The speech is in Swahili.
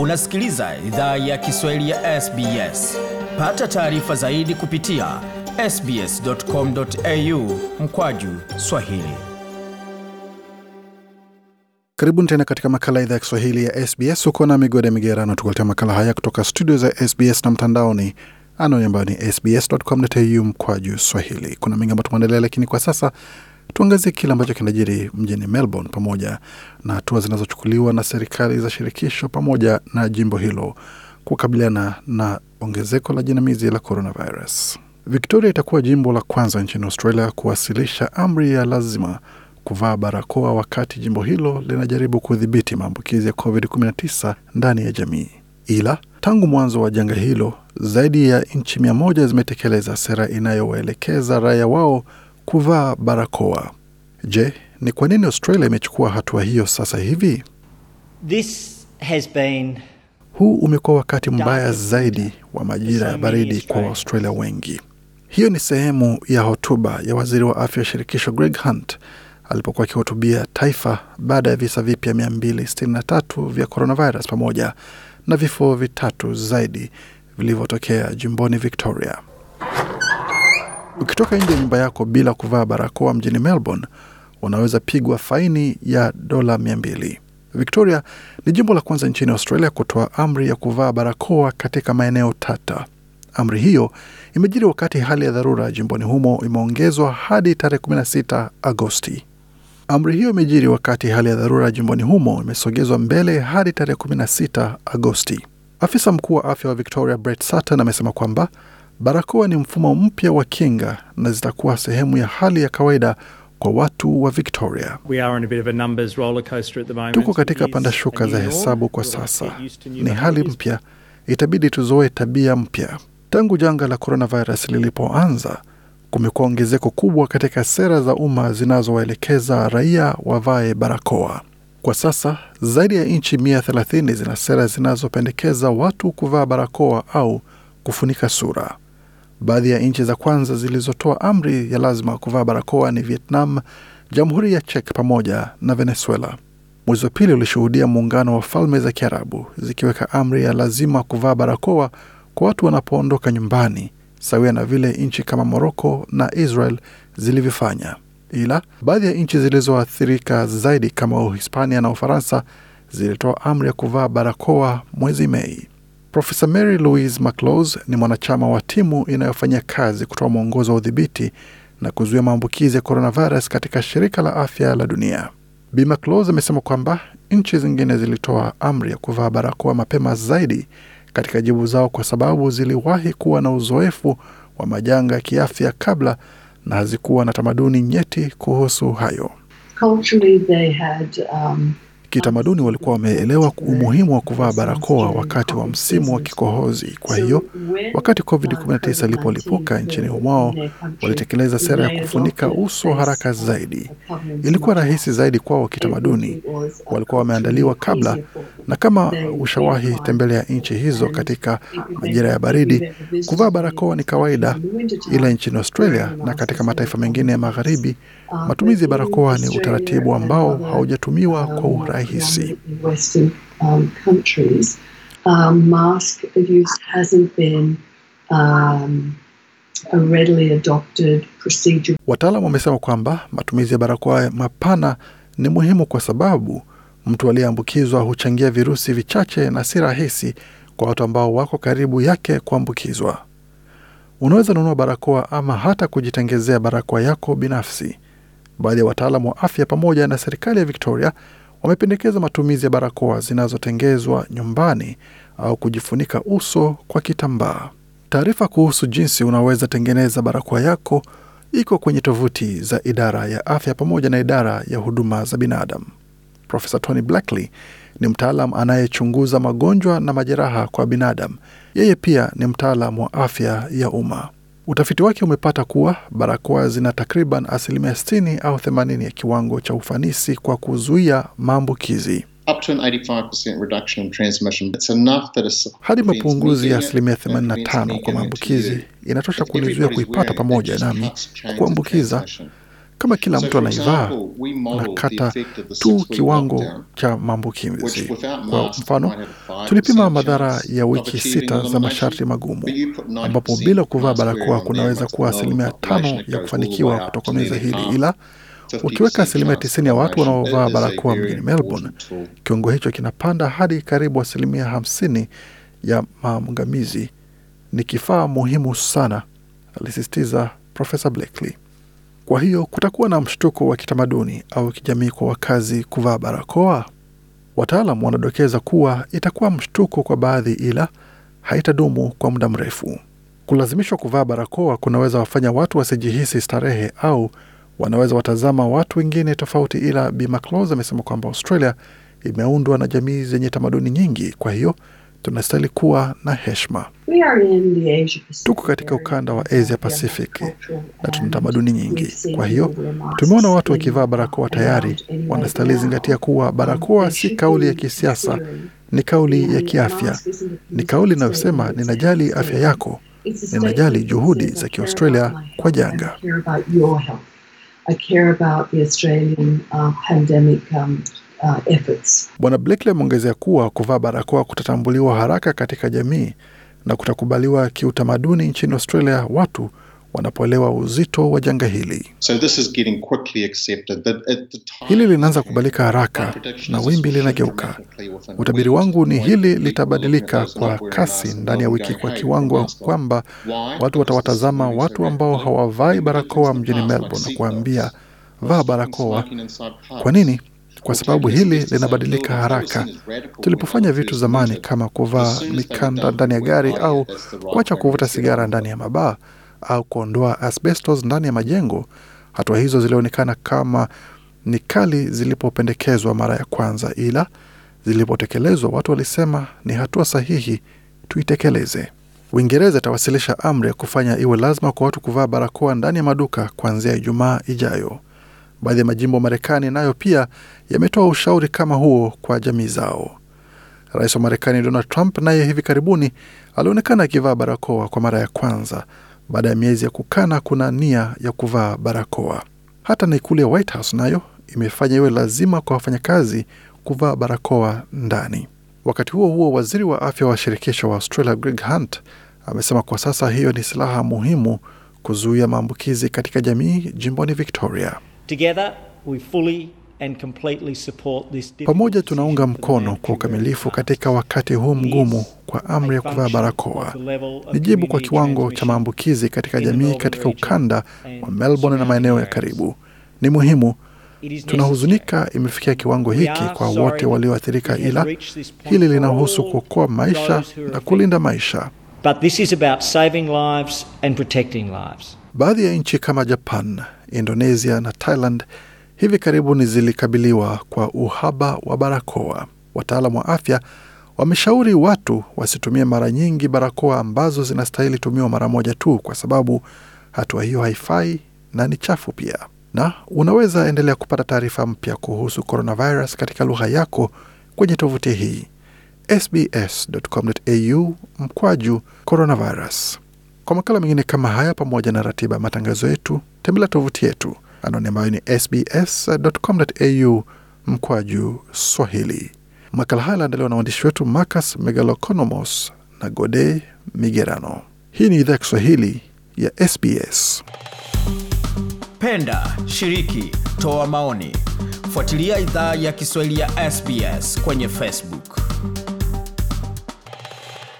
Unasikiliza idhaa ya Kiswahili ya SBS. Pata taarifa zaidi kupitia sbs.com.au mkwaju swahili. Karibuni tena katika makala idhaa ya Kiswahili ya SBS. huko na Migode Migerano tukuletea makala haya kutoka studio za SBS na mtandaoni anaoni ambayo ni sbs.com.au mkwaju swahili. Kuna mengi ambayo tumaendelea lakini kwa sasa Tuangazie kile ambacho kinajiri mjini Melbourne pamoja na hatua zinazochukuliwa na serikali za shirikisho pamoja na jimbo hilo kukabiliana na ongezeko la jinamizi la coronavirus. Victoria itakuwa jimbo la kwanza nchini Australia kuwasilisha amri ya lazima kuvaa barakoa wakati jimbo hilo linajaribu kudhibiti maambukizi ya COVID-19 ndani ya jamii. Ila tangu mwanzo wa janga hilo, zaidi ya nchi mia moja zimetekeleza sera inayowaelekeza raia wao kuvaa barakoa. Je, ni kwa nini Australia imechukua hatua hiyo sasa hivi? This has been... huu umekuwa wakati mbaya zaidi wa majira ya baridi kwa Waustralia wengi. Hiyo ni sehemu ya hotuba ya waziri wa afya shirikisho Greg Hunt alipokuwa akihutubia taifa baada ya visa vipya 263 vya coronavirus pamoja na vifo vitatu zaidi vilivyotokea jimboni Victoria. Ukitoka nje ya nyumba yako bila kuvaa barakoa mjini Melbourne, unaweza pigwa faini ya dola mia mbili. Victoria ni jimbo la kwanza nchini Australia kutoa amri ya kuvaa barakoa katika maeneo tata. Amri hiyo imejiri wakati hali ya dharura jimboni humo imeongezwa hadi tarehe 16 Agosti. Amri hiyo imejiri wakati hali ya dharura jimboni humo imesogezwa mbele hadi tarehe 16 Agosti. Afisa mkuu wa afya wa Victoria Brett Sutton amesema kwamba Barakoa ni mfumo mpya wa kinga na zitakuwa sehemu ya hali ya kawaida kwa watu wa Victoria. Tuko katika panda shuka za hesabu kwa sasa, ni hali mpya, itabidi tuzoe tabia mpya. Tangu janga la coronavirus lilipoanza, kumekuwa ongezeko kubwa katika sera za umma zinazowaelekeza raia wavae barakoa. Kwa sasa zaidi ya nchi thelathini zina sera zinazopendekeza watu kuvaa barakoa au kufunika sura. Baadhi ya nchi za kwanza zilizotoa amri ya lazima kuvaa barakoa ni Vietnam, Jamhuri ya chek pamoja na Venezuela. Mwezi wa pili ulishuhudia muungano wa falme za Kiarabu zikiweka amri ya lazima kuvaa barakoa kwa watu wanapoondoka nyumbani, sawia na vile nchi kama Moroko na Israel zilivyofanya. Ila baadhi ya nchi zilizoathirika zaidi kama Uhispania na Ufaransa zilitoa amri ya kuvaa barakoa mwezi Mei. Profesa Mary Louise McLaws ni mwanachama wa timu inayofanya kazi kutoa mwongozo wa udhibiti na kuzuia maambukizi ya coronavirus katika shirika la afya la dunia. Bi McLaws amesema kwamba nchi zingine zilitoa amri ya kuvaa barakoa mapema zaidi katika jibu zao kwa sababu ziliwahi kuwa na uzoefu wa majanga ya kiafya kabla na hazikuwa na tamaduni nyeti kuhusu hayo. Culturally they had, um, Kitamaduni walikuwa wameelewa umuhimu wa kuvaa barakoa wakati wa msimu wa kikohozi. Kwa hiyo wakati COVID-19 ilipolipuka nchini humao, walitekeleza sera ya kufunika uso haraka zaidi. Ilikuwa rahisi zaidi kwao kitamaduni, walikuwa wameandaliwa kabla na kama ushawahi tembelea nchi hizo katika majira ya baridi, kuvaa barakoa ni kawaida, ila nchini Australia na katika mataifa mengine ya magharibi, uh, matumizi ya barakoa ni utaratibu ambao haujatumiwa um, kwa urahisi. Um, um, wataalamu wamesema kwamba matumizi ya barakoa mapana ni muhimu kwa sababu Mtu aliyeambukizwa huchangia virusi vichache na si rahisi kwa watu ambao wako karibu yake kuambukizwa. Unaweza nunua barakoa ama hata kujitengezea barakoa yako binafsi. Baadhi ya wataalamu wa afya pamoja na serikali ya Victoria wamependekeza matumizi ya barakoa zinazotengezwa nyumbani au kujifunika uso kwa kitambaa. Taarifa kuhusu jinsi unaweza tengeneza barakoa yako iko kwenye tovuti za idara ya afya pamoja na idara ya huduma za binadamu. Profesa Tony Blackley ni mtaalam anayechunguza magonjwa na majeraha kwa binadamu. Yeye pia ni mtaalam wa afya ya umma. Utafiti wake umepata kuwa barakoa zina takriban asilimia 60 au 80 ya kiwango cha ufanisi kwa kuzuia maambukizi hadi mapunguzi ya asilimia 85 kwa maambukizi inatosha kunizuia kuipata pamoja nami kuambukiza kama kila mtu anaivaa, nakata tu kiwango cha maambukizi. Kwa mfano, tulipima madhara ya wiki sita za masharti magumu, ambapo bila kuvaa barakoa kunaweza kuwa asilimia tano ya kufanikiwa kutokomeza hili, ila ukiweka asilimia tisini ya watu wanaovaa barakoa mjini Melbourne, kiwango hicho kinapanda hadi karibu asilimia hamsini ya maangamizi. Ni kifaa muhimu sana, alisisitiza Profesa Blakely. Kwa hiyo kutakuwa na mshtuko wa kitamaduni au kijamii kwa wakazi kuvaa barakoa? Wataalam wanadokeza kuwa itakuwa mshtuko kwa baadhi, ila haitadumu kwa muda mrefu. Kulazimishwa kuvaa barakoa kunaweza wafanya watu wasijihisi starehe au wanaweza watazama watu wengine tofauti, ila Bi Mclause amesema kwamba Australia imeundwa na jamii zenye tamaduni nyingi, kwa hiyo tunastahili kuwa na heshma Tuko katika ukanda wa Asia pacific na tuna tamaduni nyingi. Kwa hiyo tumeona watu wakivaa barakoa tayari, wanastahili zingatia kuwa barakoa si kauli ya kisiasa, ni kauli ya kiafya, ni kauli inayosema ninajali afya yako, ninajali juhudi za Kiaustralia kwa janga. I care about the Australian, uh, pandemic, um, uh, efforts. Bwana Blakely ameongezea kuwa kuvaa barakoa kutatambuliwa haraka katika jamii na kutakubaliwa kiutamaduni nchini Australia watu wanapoelewa uzito wa janga hili. So this is getting quickly accepted, but at the time, hili linaanza kubalika haraka na wimbi linageuka. Utabiri wangu ni hili litabadilika kwa kasi ndani ya wiki, kwa kiwango kwamba watu watawatazama watu ambao hawavai barakoa mjini Melbourne na kuambia vaa barakoa. Kwa nini? kwa sababu hili linabadilika haraka. Tulipofanya vitu zamani kama kuvaa mikanda ndani ya gari au kuacha kuvuta sigara ndani ya mabaa au kuondoa asbestos ndani ya majengo, hatua hizo zilionekana kama ni kali zilipopendekezwa mara ya kwanza, ila zilipotekelezwa watu walisema ni hatua sahihi, tuitekeleze. Uingereza itawasilisha amri ya kufanya iwe lazima kwa watu kuvaa barakoa ndani ya maduka kuanzia Ijumaa ijayo. Baadhi ya majimbo Marekani nayo pia yametoa ushauri kama huo kwa jamii zao. Rais wa Marekani Donald Trump naye hivi karibuni alionekana akivaa barakoa kwa mara ya kwanza baada ya miezi ya kukana kuna nia ya kuvaa barakoa. Hata na ikulu ya White House nayo imefanya iwe lazima kwa wafanyakazi kuvaa barakoa ndani. Wakati huo huo, waziri wa afya wa shirikisho wa Australia Greg Hunt amesema kwa sasa hiyo ni silaha muhimu kuzuia maambukizi katika jamii jimboni Victoria. Together we fully and completely support this. Pamoja tunaunga mkono kwa ukamilifu katika wakati huu mgumu kwa amri ya kuvaa barakoa. Ni jibu kwa kiwango cha maambukizi katika jamii katika ukanda wa Melbourne na maeneo ya karibu. Ni muhimu Tunahuzunika imefikia kiwango hiki kwa wote walioathirika, ila hili linahusu kuokoa maisha na kulinda maisha. Baadhi ya nchi kama Japan Indonesia na Thailand hivi karibuni zilikabiliwa kwa uhaba wa barakoa. Wataalam wa afya wameshauri watu wasitumie mara nyingi barakoa ambazo zinastahili tumiwa mara moja tu, kwa sababu hatua hiyo haifai na ni chafu pia. Na unaweza endelea kupata taarifa mpya kuhusu coronavirus katika lugha yako kwenye tovuti hii sbs.com.au mkwaju coronavirus. Kwa makala mengine kama haya, pamoja na ratiba matangazo yetu tembelea tovuti yetu anaoni ambayo ni sbs.com.au mkwaju Swahili. Makala haya yaliandaliwa na waandishi wetu Marcus Megalokonomos na Gode Migerano. Hii ni idhaa ya Kiswahili ya SBS. Penda, shiriki, toa maoni, fuatilia idhaa ya Kiswahili ya SBS kwenye Facebook.